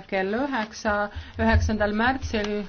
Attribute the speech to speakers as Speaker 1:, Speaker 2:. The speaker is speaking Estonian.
Speaker 1: kell üheksa, üheksandal märtsil